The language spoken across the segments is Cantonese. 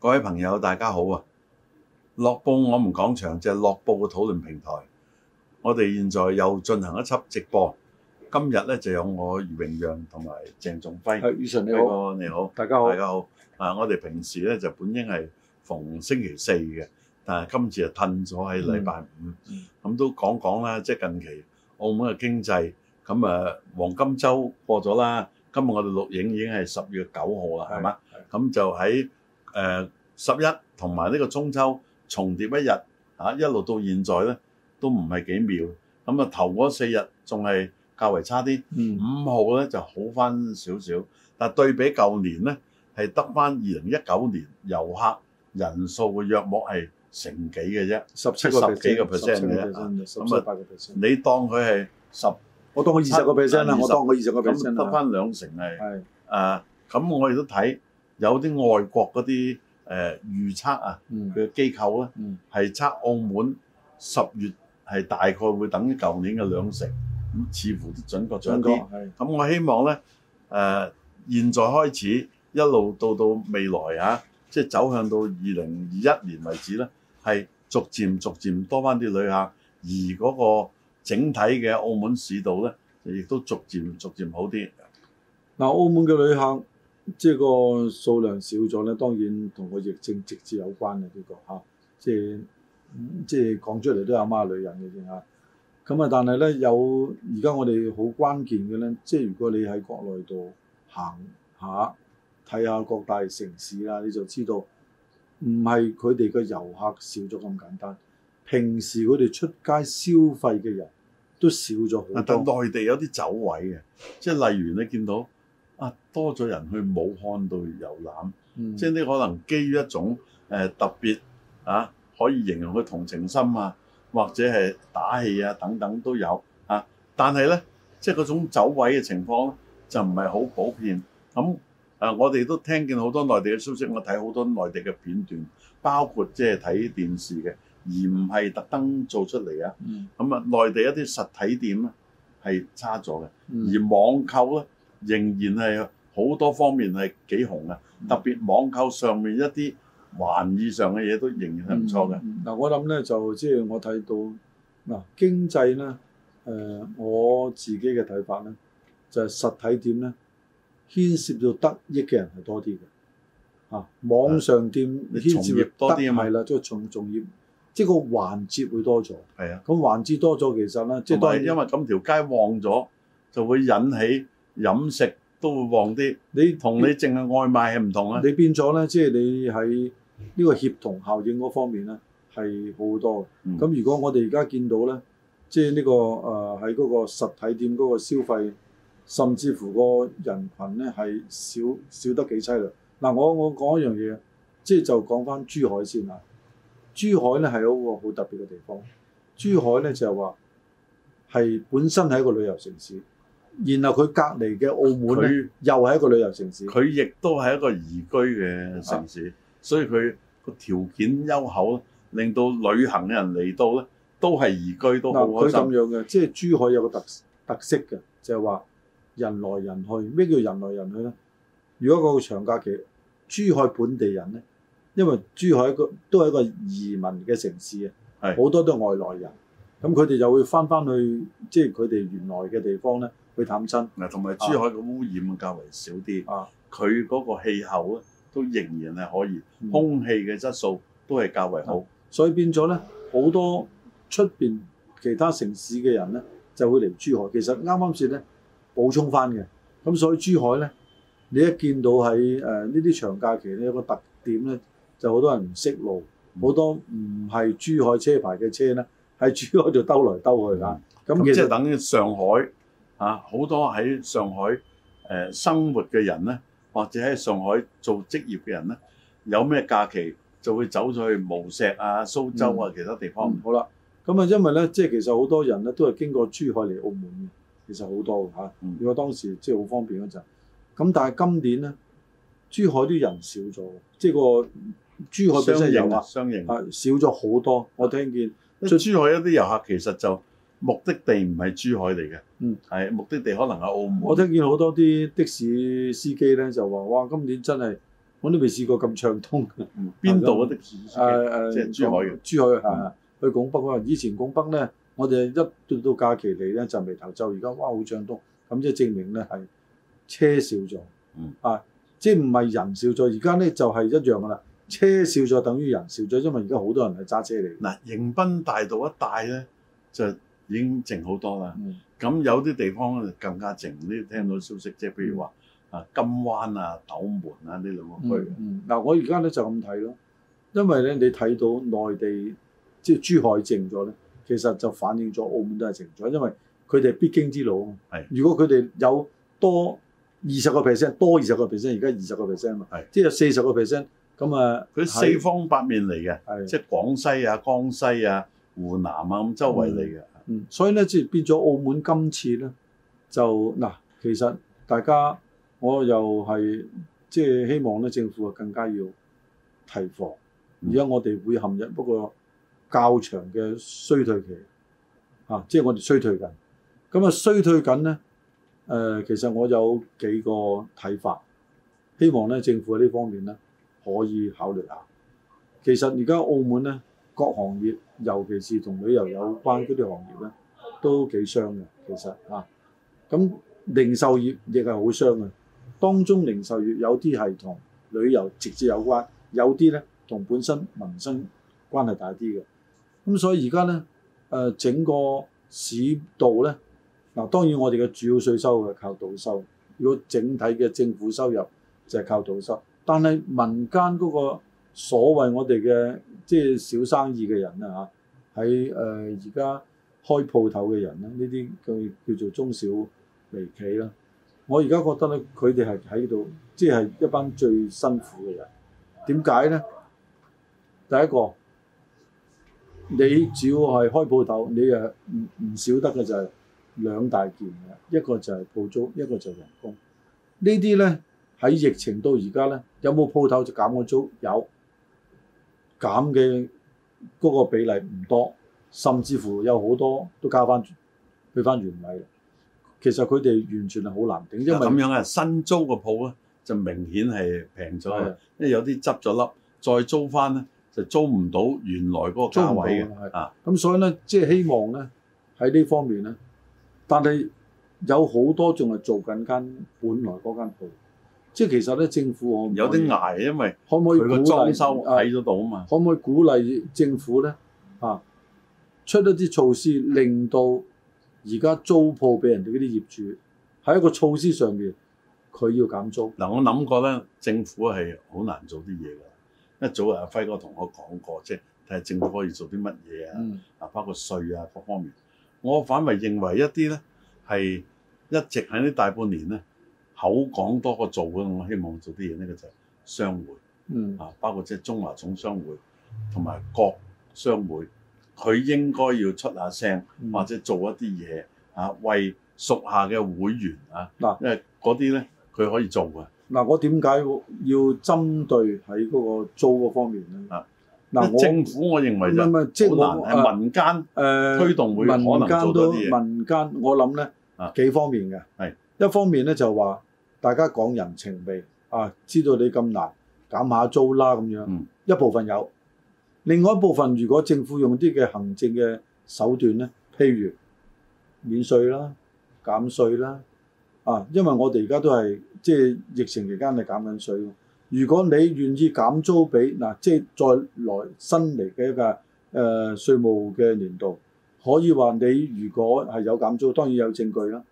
各位朋友，大家好啊！樂報我們講場就係樂報嘅討論平台，我哋現在又進行一輯直播。今日咧，就有我余榮揚同埋鄭仲輝。阿雨晨，你好，你好，大家好，大家好。啊，我哋平時咧就本應係逢星期四嘅，但係今次就褪咗喺禮拜五。咁都講講啦，即係近期澳門嘅經濟。咁啊，黃金週過咗啦。今日我哋錄影已經係十月九號啦，係嘛？咁就喺誒十一同埋呢個中秋重疊一日嚇，一路到現在咧都唔係幾妙。咁啊，頭嗰四日仲係較為差啲，五號咧就好翻少少。但係對比舊年咧，係得翻二零一九年遊客人數嘅約莫係成幾嘅啫，十七個 percent，十幾個 percent，咁啊，你當佢係十。我當佢二十個 percent 啦，20, 我當佢二十個 percent 得翻兩成係，啊咁我亦都睇有啲外國嗰啲誒預測啊，佢嘅機構咧係測澳門十月係大概會等於舊年嘅兩成，咁、嗯、似乎都準確咗。咁我希望咧誒、呃、現在開始一路到到未來啊，即係走向到二零二一年為止咧，係逐漸逐漸多翻啲旅客，而嗰、嗰個。整體嘅澳門市道咧，亦都逐漸逐漸好啲。嗱，澳門嘅旅客即係、這個數量少咗咧，當然同個疫症直接有關嘅呢、這個嚇、啊。即係、嗯、即係講出嚟都阿媽女人嘅啫嚇。咁啊，但係咧有而家我哋好關鍵嘅咧，即係如果你喺國內度行下睇下各大城市喇，你就知道唔係佢哋個遊客少咗咁簡單。平時佢哋出街消費嘅人。都少咗好多，但內地有啲走位嘅，即係例如你見到啊，多咗人去武漢度遊覽，嗯、即係你可能基於一種、呃、特別啊，可以形容佢同情心啊，或者係打氣啊等等都有啊。但係咧，即係嗰種走位嘅情況就唔係好普遍。咁啊，我哋都聽見好多內地嘅消息，我睇好多內地嘅片段，包括即係睇電視嘅。而唔係特登做出嚟啊！咁啊，內地一啲實體店咧係差咗嘅，而網購咧仍然係好多方面係幾紅嘅，特別網購上面一啲環意上嘅嘢都仍然係唔錯嘅。嗱，我諗咧就即係我睇到嗱經濟咧，誒我自己嘅睇法咧就係實體店咧牽涉到得益嘅人係多啲嘅啊，網上店你從業多啲啊，唔係啦，即係從從業。即個環節會多咗，係啊，咁環節多咗，其實咧，即係因為咁條街旺咗，就會引起飲食都會旺啲。你同你淨係外賣係唔同啊，你變咗咧，即係你喺呢個協同效應嗰方面咧係好多。咁、嗯、如果我哋而家見到咧，即係呢個呃喺嗰個實體店嗰個消費，甚至乎個人群咧係少少得幾淒涼。嗱、啊，我我講一樣嘢，即係就講翻珠海先啦。珠海咧係一個好特別嘅地方。珠海咧就係話係本身係一個旅遊城市，然後佢隔離嘅澳門又係一個旅遊城市，佢亦都係一個宜居嘅城市，的所以佢個條件優厚，令到旅行嘅人嚟到咧都係宜居都好開心。佢咁樣嘅，即係珠海有個特特色嘅，就係話人來人去。咩叫人來人去咧？如果個長假期，珠海本地人咧？因為珠海個都係一個移民嘅城市啊，係好多都係外來人，咁佢哋就會翻翻去即係佢哋原來嘅地方咧去探親。嗱，同埋珠海嘅污染啊較為少啲，啊，佢嗰個氣候咧都仍然係可以，嗯、空氣嘅質素都係較為好，嗯、所以變咗咧好多出邊其他城市嘅人咧就會嚟珠海。其實啱啱先咧補充翻嘅，咁所以珠海咧你一見到喺誒呢啲長假期咧有個特點咧。就好多人唔識路，好、嗯、多唔係珠海車牌嘅車咧，喺珠海度兜來兜去嚇。咁、嗯嗯、即係等於上海啊，好多喺上海、呃、生活嘅人咧，或者喺上海做職業嘅人咧，有咩假期就會走咗去無錫啊、蘇州啊、嗯、其他地方。嗯、好啦，咁、嗯、啊因為咧，即係其實好多人咧都係經過珠海嚟澳門嘅，其實好多嘅。如果當時即係好方便嗰陣，咁但係今年咧，珠海啲人少咗，即係個。珠海遊客相應啊，相應啊，少咗好多。我聽見、嗯、珠海一啲遊客其實就目的地唔係珠海嚟嘅，嗯，係目的地可能係澳門。我聽見好多啲的，的士司機咧就話，哇，今年真係我都未試過咁暢通。邊度嘅的士司機？即、啊、係、就係、珠海嘅、啊、珠海係、嗯、去拱北嗰以前拱北咧，我哋一到到假期嚟咧就眉頭皺，而家哇好暢通。咁即係證明咧係車少咗、嗯，啊，即係唔係人少咗？而家咧就係一樣噶啦。車少咗等於人少咗，因為而家好多人係揸車嚟。嗱，迎賓大道一帶咧就已經靜好多啦。咁、嗯、有啲地方就更加靜，你聽到消息即係譬如話啊金灣啊、斗、嗯、門啊呢兩個區。嗱、嗯嗯，我而家咧就咁睇咯，因為咧你睇到內地即係珠海靜咗咧，其實就反映咗澳門都係靜咗，因為佢哋必經之路啊嘛。如果佢哋有多二十個 percent，多二十個 percent，而家二十個 percent 嘛，即係四十個 percent。咁啊，佢四方八面嚟嘅，即係廣西啊、江西啊、湖南啊咁周圍嚟嘅。嗯，所以咧，即係變咗澳門今次咧，就嗱，其實大家我又係即係希望咧，政府啊更加要提防。而家我哋會陷入不過較長嘅衰退期，啊，即係我哋衰退緊。咁啊，衰退緊咧，誒、呃，其實我有幾個睇法，希望咧政府喺呢方面咧。可以考慮下。其實而家澳門呢，各行業，尤其是同旅遊有關嗰啲行業呢，都幾傷嘅。其實啊，咁零售業亦係好傷嘅。當中零售業有啲係同旅遊直接有關，有啲呢同本身民生關係大啲嘅。咁所以而家呢，誒、呃、整個市道呢，嗱當然我哋嘅主要稅收係靠賭收，如果整體嘅政府收入就係靠賭收。但係民間嗰個所謂我哋嘅即係小生意嘅人啦嚇，喺誒而家開鋪頭嘅人啦，呢啲叫叫做中小微企啦。我而家覺得咧，佢哋係喺度，即係一班最辛苦嘅人。點解咧？第一個，你只要係開鋪頭，你誒唔唔少得嘅就係兩大件嘅，一個就係鋪租，一個就係人工。呢啲咧。喺疫情到而家咧，有冇鋪頭就減咗租？有減嘅嗰個比例唔多，甚至乎有好多都加翻，俾翻原位。其實佢哋完全係好難頂，因為咁樣新租個鋪咧就明顯係平咗，因為有啲執咗笠，再租翻咧就租唔到原來嗰個價位嘅啊。咁所以咧，即係希望咧喺呢方面咧，但係有好多仲係做緊間本來嗰間鋪。即係其實咧，政府我可有啲捱，因為可唔可以佢個裝修睇得到啊嘛？啊可唔可以鼓勵政府咧嚇、啊、出咗啲措施，令到而家租鋪俾人哋嗰啲業主喺一個措施上邊，佢要減租嗱。我諗過咧，政府係好難做啲嘢㗎，一早啊輝哥同我講過，即係睇下政府可以做啲乜嘢啊嗱，包括稅啊各方面。我反為認為一啲咧係一直喺呢大半年咧。口講多過做嘅，我希望做啲嘢呢咧，嗰個、就係商會，嗯啊，包括即係中華總商會同埋各商會，佢應該要出下聲、嗯、或者做一啲嘢啊，為屬下嘅會員啊，嗱、啊，因為嗰啲咧佢可以做嘅。嗱、啊，我點解要針對喺嗰個租嗰方面咧？嗱、啊，啊嗰個、政府我認為就好難，係、啊即係啊、民間誒推動會可能做多啲、啊、民間我諗咧幾方面嘅，係一方面咧就話。大家講人情味啊，知道你咁難減下租啦咁樣、嗯，一部分有，另外一部分如果政府用啲嘅行政嘅手段呢，譬如免稅啦、減稅啦，啊，因為我哋而家都係即係疫情期間係減緊稅。如果你願意減租俾嗱，即、啊、係、即係、再來新嚟嘅一個誒、呃、稅務嘅年度，可以話你如果係有減租，當然有證據啦。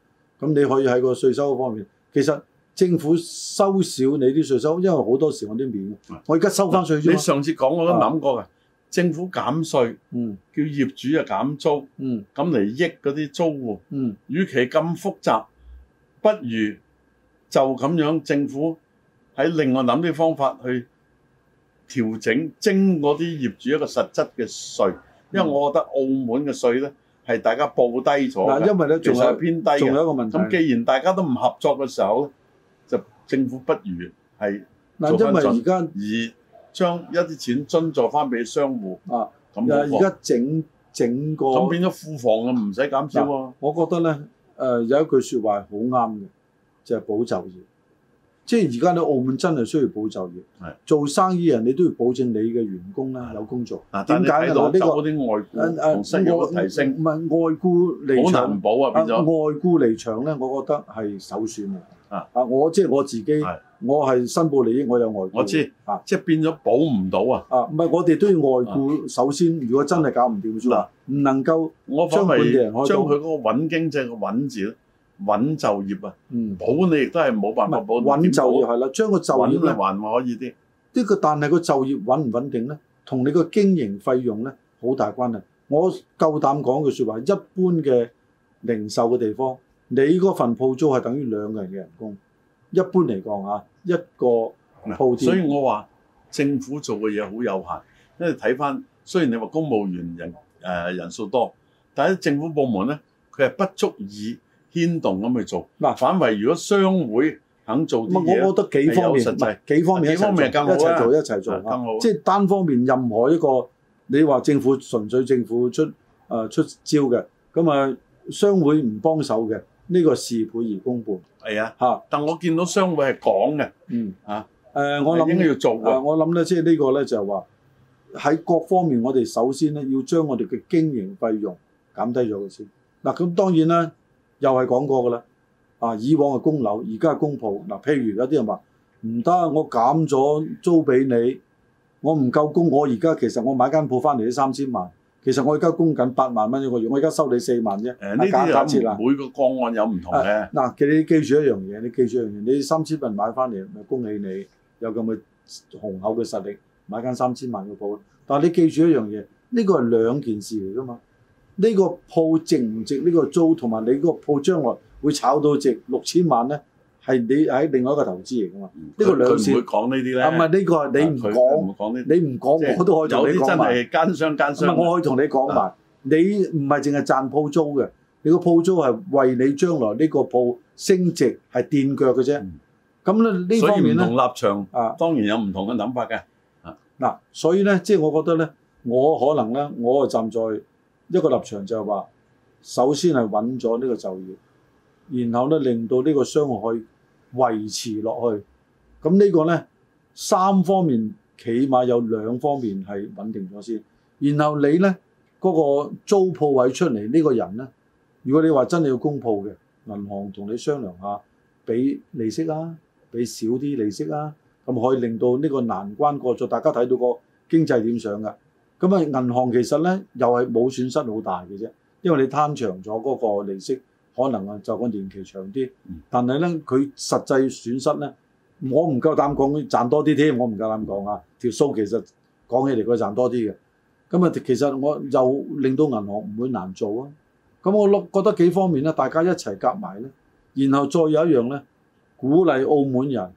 咁你可以喺個稅收方面，其實。政府收少你啲稅收，因為好多時我啲免。我而家收翻稅。你上次講我都諗過嘅，啊、政府減稅，嗯，叫業主啊減租，嗯，咁、嗯、嚟益嗰啲租戶，嗯，與其咁複雜，不如就咁樣政府喺另外諗啲方法去調整徵嗰啲業主一個實質嘅稅、嗯，因為我覺得澳門嘅稅咧係大家報低咗。嗱，因為咧仲係偏低。仲有一個問題。咁既然大家都唔合作嘅時候咧？就政府不如因為而家而將一啲錢津助翻俾商戶啊，咁而家整整個咁變咗庫房啊，唔使減少。我覺得咧，誒、呃、有一句説話好啱嘅，就係、是、保就業，即係而家你澳門真係需要保就業，係做生意人你都要保證你嘅員工啦、啊啊、有工作。啊點解呢？我、啊、呢、這個誒誒，我唔係外顧離場，保唔保啊？變、啊、咗外顧離場咧、啊，我覺得係首選嘅。啊啊！啊！我即係我自己，是我係申報利益，我有外僱。我知啊，即係變咗保唔到啊！啊，唔係我哋都要外僱、啊。首先，如果真係搞唔掂咗，嗱、啊，唔能夠、啊，我將會將佢嗰個穩經濟嘅穩字咧，穩就業啊，嗯、保你亦都係冇辦法保。嗯、穩就業係啦，將個就業咧，還可以啲。呢、呢個但係個就業穩唔穩定咧，同你個經營費用咧好大關係。我夠膽講句説話，一般嘅零售嘅地方。你嗰份鋪租係等於兩個人嘅人工。一般嚟講啊，一個鋪，所以我話政府做嘅嘢好有限，因為睇翻雖然你話公務員人誒、呃、人數多，但係政府部門咧，佢係不足以牽動咁去做。嗱、啊、反為如果商會肯做嘅嘢、啊，有實際幾方面實，幾方面一齊做一齊做，啊做做啊、即係單方面任何一個你話政府純粹政府出、呃、出招嘅，咁啊商會唔幫手嘅。呢、這個事倍而功半，係啊嚇、啊！但我見到商會係講嘅，嗯嚇，誒我諗應該要做嘅、呃，我諗咧即係呢個咧就話、是、喺各方面，我哋首先咧要將我哋嘅經營費用減低咗佢先。嗱、啊、咁、啊、當然啦，又係講過㗎啦。啊，以往嘅供樓，而家供鋪。嗱、啊，譬如有啲人話唔得，我減咗租俾你，我唔夠供，我而家其實我買間鋪翻嚟，三千萬。其實我而家供緊八萬蚊一個月，我而家收你四萬啫。你假設啦、哎、誒，呢個每個個案有唔同咧。嗱、啊，其實你記住一樣嘢，你記住一樣嘢，你三千萬買翻嚟，咪恭喜你有咁嘅雄厚嘅實力買間三千萬嘅鋪。但係你記住一樣嘢，呢個係、呢個、兩件事嚟㗎嘛。呢、呢個鋪值唔值呢個租，同埋你嗰個鋪將來會炒到值六千萬咧。係你喺另外一個投資嚟㗎嘛？嗯這個、兩個會這些呢個兩線佢唔會講呢啲咧。啊，唔係呢個係你唔講，你唔講，就是，我都可以同你講埋。有啲真係奸商奸商。唔係我可以同你講埋，啊。你唔係淨係賺鋪租嘅，你個鋪租係為你將來呢個鋪升值係墊腳嘅啫。咁咧，嗯、呢方面咧，唔同立場啊，當然有唔同嘅諗法嘅。嗱、啊啊，所以咧即係我覺得咧，我可能咧，我係站在一個立場就係話，首先係揾咗呢個就業，然後咧令到呢個商戶可以。維持落去，咁呢個呢，三方面，起碼有兩方面係穩定咗先。然後你呢，嗰、嗰個租鋪位出嚟呢、呢個人呢，如果你話真係要供鋪嘅，銀行同你商量下，俾利息啊，俾少啲利息啊，咁可以令到呢個難關過咗。大家睇到個經濟點上嘅，咁啊銀行其實呢又係冇損失好大嘅啫，因為你攤長咗嗰個利息。可能啊，就個年期長啲，但係咧，佢實際損失咧，我唔夠膽講賺多啲添，我唔夠膽講啊。條數其實講起嚟佢賺多啲嘅，咁、嗯、啊，其實我又令到銀行唔會難做啊。咁、嗯、我諗覺得幾方面咧，大家一齊夾埋咧，然後再有一樣咧，鼓勵澳門人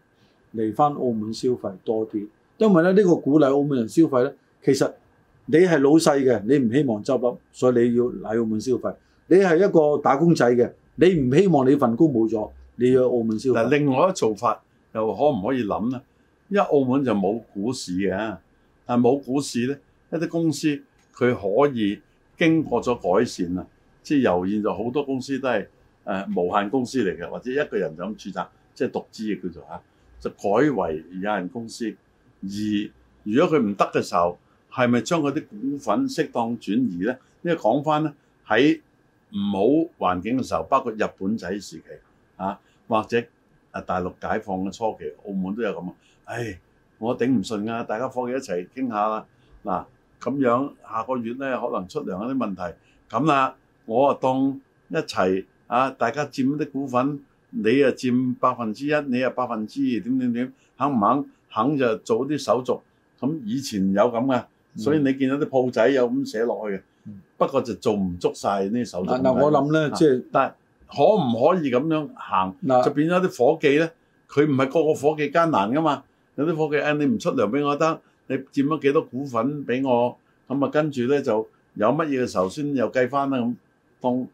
嚟翻澳門消費多啲，因為咧呢、這個鼓勵澳門人消費咧，其實你係老細嘅，你唔希望執笠，所以你要喺澳門消費。你係一個打工仔嘅，你唔希望你份工冇咗，你要去澳門消費。但另外一做法又可唔可以諗呢？因為澳門就冇股市嘅，但冇股市呢，一啲公司佢可以經過咗改善啦，即係由現在好多公司都係誒、呃、無限公司嚟嘅，或者一個人就咁注冊，即、就、係、是、獨資嘅叫做吓，就改為有限公司。而如果佢唔得嘅時候，係咪將佢啲股份適當轉移呢？因為講翻呢。喺唔好環境嘅時候，包括日本仔時期，啊或者啊大陸解放嘅初期，澳門都有咁啊！唉、哎，我頂唔順啊，大家夥計一齊傾下啦。嗱、啊，咁樣下個月咧可能出糧有啲問題，咁啦，我啊當一齊啊，大家佔啲股份，你啊佔百分之一，你啊百分之二，點點點肯唔肯？肯就做啲手續。咁、啊、以前有咁噶、嗯，所以你見到啲鋪仔有咁寫落去嘅。不過就做唔足晒呢啲手段。嗱、就是，我諗咧，即係但係可唔可以咁樣行？嗱，就變咗啲伙計咧，佢唔係個個伙計艱難噶嘛。有啲伙計誒、哎，你唔出糧俾我得，你佔咗幾多股份俾我？咁啊，跟住咧就有乜嘢嘅時候先又計翻啦咁。當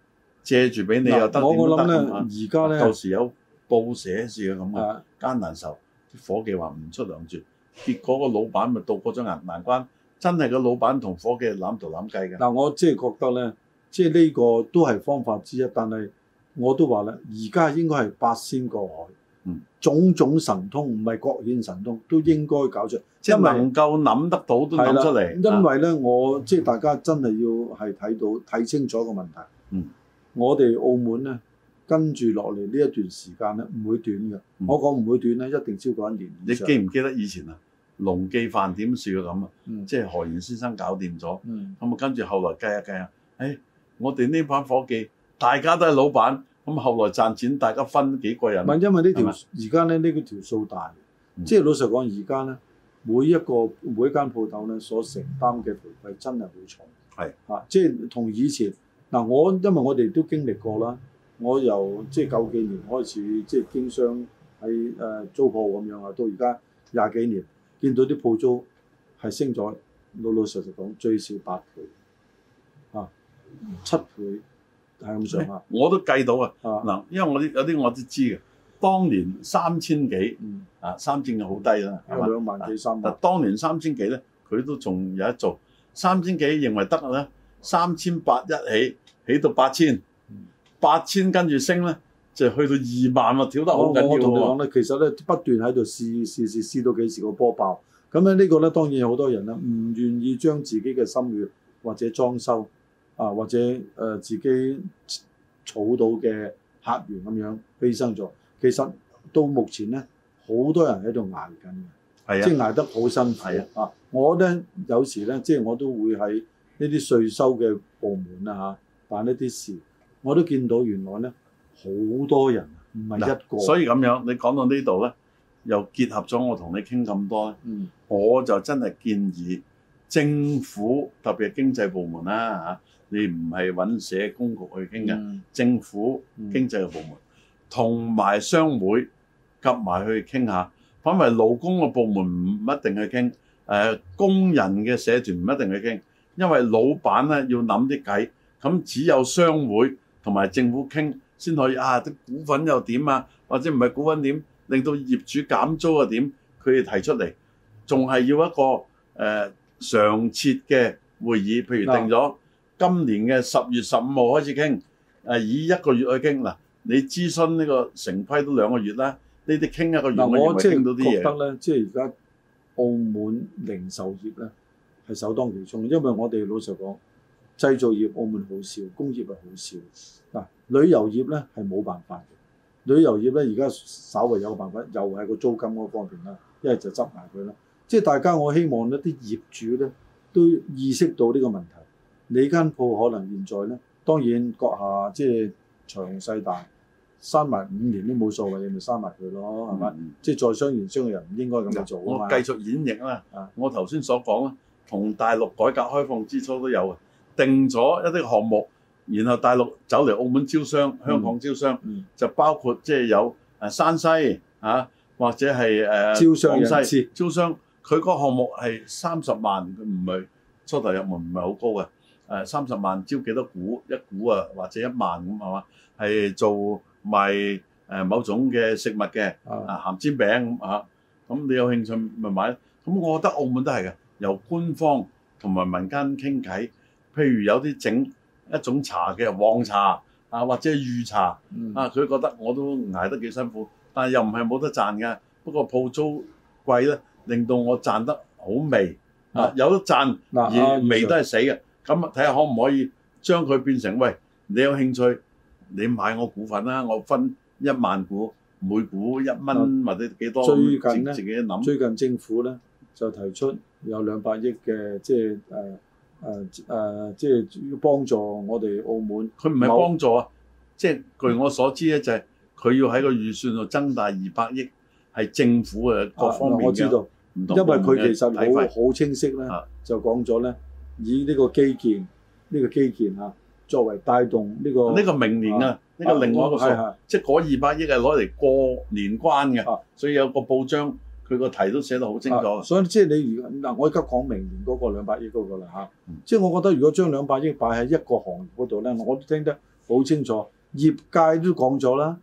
借住俾你又得，我諗呢，點都得，而家咧，到時有報社事嘅咁啊，艱難受啲伙計話唔出糧住，結果個老闆咪渡過咗難難關。真係個老闆同伙計攬頭攬計㗎。嗱、啊，我即係覺得咧，即係呢個都係方法之一。但係我都話咧，而家應該係八仙過海，嗯，種種神通唔係各顯神通，都應該搞出嚟，即係因為能夠諗得到都諗出嚟。因為唔夠諗得到都諗出嚟。因為咧，我即係大家真係要係睇到睇清楚個問題。嗯，我哋澳門咧跟住落嚟呢一段時間咧唔會短嘅、嗯。我講唔會短咧，一定超過一年。你記唔記得以前啊？農記飯店算咁啊，即係何賢先生搞掂咗。咁、嗯、啊，跟住後來計一計啊，誒、哎，我哋呢班伙計，大家都係老闆，咁後來賺錢大家分幾個人。唔係因為這條現在呢條而家咧，呢個條數大，嗯、即係老實講，而家咧每一個每一間鋪頭咧所承擔嘅賠費真係好重。係啊，即係同以前嗱、啊，我因為我哋都經歷過啦，我由即係九幾年開始即係經商喺誒租鋪咁樣啊，到而家廿幾年。見到啲鋪租係升咗，老老實實講，最少八倍，嚇、啊、七倍係咁上下。我都計到啊，嗱，因為我啲有啲我都知嘅，當年三千幾，啊，三千又好低啦，一、嗯、兩萬幾三萬。啊、但當年三千幾咧，佢都仲有得做，三千幾認為得啦，三千八一起起到八千，八千跟住升咧。就去到二萬啊，跳得、啊、好緊要啊，我同你講咧，其實咧不斷喺度試試試試到幾時個波爆咁咧？個呢個咧當然有好多人啦，唔願意將自己嘅心血或者裝修啊，或者、呃、自己儲到嘅客源咁樣犧牲咗。其實到目前咧，好多人喺度捱緊嘅，即係捱得好辛苦啊，啊！我咧有時咧，即係我都會喺呢啲稅收嘅部門啊，辦一啲事，我都見到原來咧。好多人唔係一個，啊、所以咁樣你講到呢度呢，又結合咗我同你傾咁多咧、嗯，我就真係建議政府特別經濟部門啦、啊、嚇，你唔係揾社工局去傾嘅、嗯，政府、嗯、經濟嘅部門同埋商會夾埋去傾下，反為勞工嘅部門唔一定去傾，誒、呃、工人嘅社團唔一定去傾，因為老闆呢要諗啲計，咁只有商會同埋政府傾。先可以啊！啲股份又點啊？或者唔係股份點令到業主減租又點，佢哋提出嚟，仲係要一個誒常設嘅會議，譬如定咗今年嘅十月十五號開始傾誒以一個月去傾嗱。你諮詢呢個城規都兩個月啦，呢啲傾一個月，呃、我認為傾到啲嘢。得咧，即係而家澳門零售業咧係首當其衝，因為我哋老實講。製造業澳門好少，工業啊好少。嗱、呃，旅遊業咧係冇辦法嘅。旅遊業咧而家稍為有個辦法，又係個租金嗰個方面啦，一係就執埋佢啦。即係大家我希望咧，啲業主咧都意識到呢個問題。你間鋪可能現在咧，當然閣下即係長勢大，閂埋五年都冇所謂，你咪閂埋佢咯，係、嗯、咪、嗯？即係在商言商嘅人唔應該咁樣做、呃。我繼續演繹啦、呃。我頭先所講啦，同大陸改革開放之初都有嘅。定咗一啲項目，然後大陸走嚟澳門招商、香港招商，就包括即係有誒山西啊，或者係誒廣西招商。佢個項目係三十萬，佢唔係初頭入門唔係好高嘅。誒三十萬招幾多股？一股啊，或者一萬咁係嘛？係做賣誒某種嘅食物嘅，啊鹹煎餅咁嚇。咁你有興趣咪買？咁我覺得澳門都係嘅，由官方同埋民間傾偈。譬如有啲整一種茶嘅黃茶啊，或者玉茶啊，佢、嗯、覺得我都捱得幾辛苦，但係又唔係冇得賺嘅。不過鋪租貴咧，令到我賺得好微啊，啊，有得賺而微都係死嘅。咁睇下可唔可以將佢變成？喂，你有興趣，你買我股份啦，我分一萬股，每股一蚊或者幾多少、啊？最近咧，最近政府咧就提出有兩百億嘅，即係誒。誒、呃、誒、呃，即係要幫助我哋澳門，佢唔係幫助啊！即係據我所知咧，就係佢要喺個預算度增大二百億，係政府嘅各方面嘅，唔、啊、同因為佢其實好好清晰咧、啊，就講咗咧，以呢個基建呢、呢個基建啊，作為帶動呢、呢個。呢、呢個明年啊，呢、呢個另外一個、啊、即係嗰二百億係攞嚟過年關嘅、啊，所以有個報章。佢個題都寫得好清楚、啊啊，所以即係你如嗱、啊，我而家講明年嗰個兩百億嗰、嗰個啦嚇、啊嗯，即係我覺得如果將兩百億擺喺一個行業嗰度咧，我都聽得好清楚，業界都講咗啦，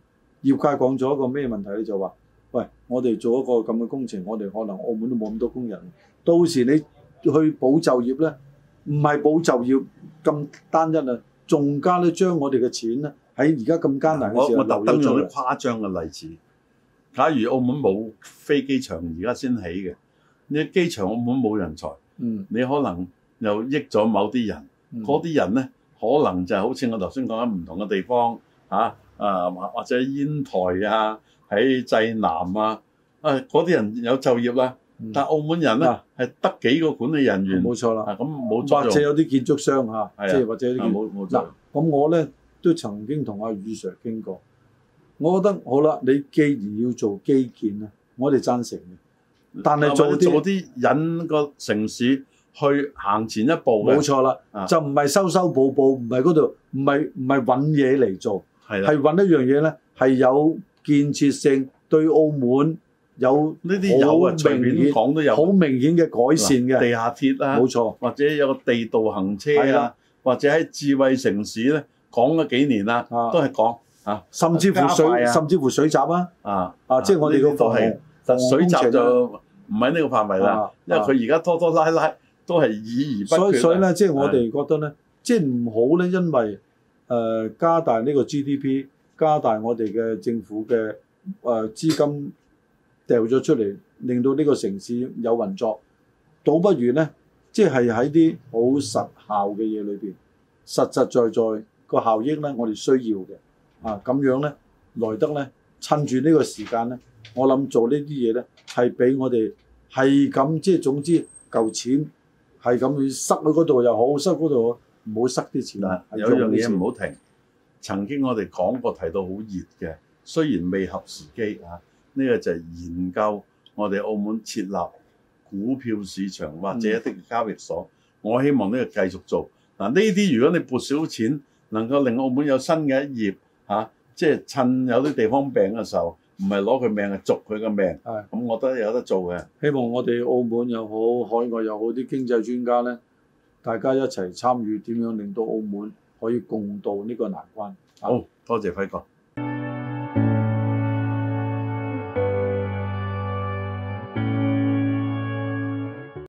業界講咗一個咩問題咧就話，喂，我哋做一個咁嘅工程，我哋可能澳門都冇咁多工人，到時你去補就業咧，唔係補就業咁單一啊，仲加咧將我哋嘅錢咧喺而家咁艱難嘅時候，啊、我我特登用啲誇張嘅例子。啊。假如澳門冇飛機場，而家先起嘅，你機場澳門冇人才、嗯，你可能又益咗某啲人，嗰、嗯、啲人咧可能就好似我頭先講緊唔同嘅地方嚇，啊或、啊、或者煙台啊，喺濟南啊，啊嗰啲人有就業啦、啊嗯，但澳門人咧係得幾個管理人員，冇錯啦，咁冇、嗯、或者有啲建築商嚇，即、啊就係、或者啲建築嗱，咁、啊、我咧都曾經同阿雨 sir 傾過。我覺得好啦，你既然要做基建，我哋贊成嘅。但係做一些是是做啲引個城市去行前一步冇錯啦、啊，就唔係修修補補，唔係嗰度，唔係唔係揾嘢嚟做，係揾一樣嘢咧，係有建設性，對澳門有呢啲啊隨便講都有好明顯嘅改善嘅地下鐵啦、啊，冇錯，或者有個地道行車啦、啊，或者喺智慧城市咧講咗幾年啦、啊，都係講。啊！甚至乎水、啊，甚至乎水閘啊！啊啊！即、啊、係、就是、我哋都貨係、啊、水閘就唔喺呢個範圍啦，因為佢而家拖拖拉拉都係以而不決。所以所以咧，即係我哋覺得咧，即係唔好咧，因為誒、呃、加大呢個 GDP，加大我哋嘅政府嘅誒、呃、資金掉咗出嚟，令到呢個城市有運作，倒不如咧即係喺啲好實效嘅嘢裏面，實實在在、在、嗰個效益咧，我哋需要嘅。啊，咁樣咧，來得咧，趁住呢個時間咧，我諗做呢啲嘢咧，係俾我哋係咁，即係總之，嚿錢係咁去塞去嗰度又好，塞嗰度唔好塞啲錢啊！有一樣嘢唔好停，曾經我哋講過提到好熱嘅，雖然未合時機啊，呢、呢個就係研究我哋澳門設立股票市場或者一啲交易所。嗯、我希望呢個繼續做嗱，呢、啊、啲如果你撥少錢，能夠令澳門有新嘅一頁。啊！即係趁有啲地方病嘅時候，唔係攞佢命，係續佢嘅命。係咁，我覺得有得做嘅。希望我哋澳門又好，海外又好，啲經濟專家咧，大家一齊參與，點樣令到澳門可以共度呢個難關？啊、好多謝輝哥。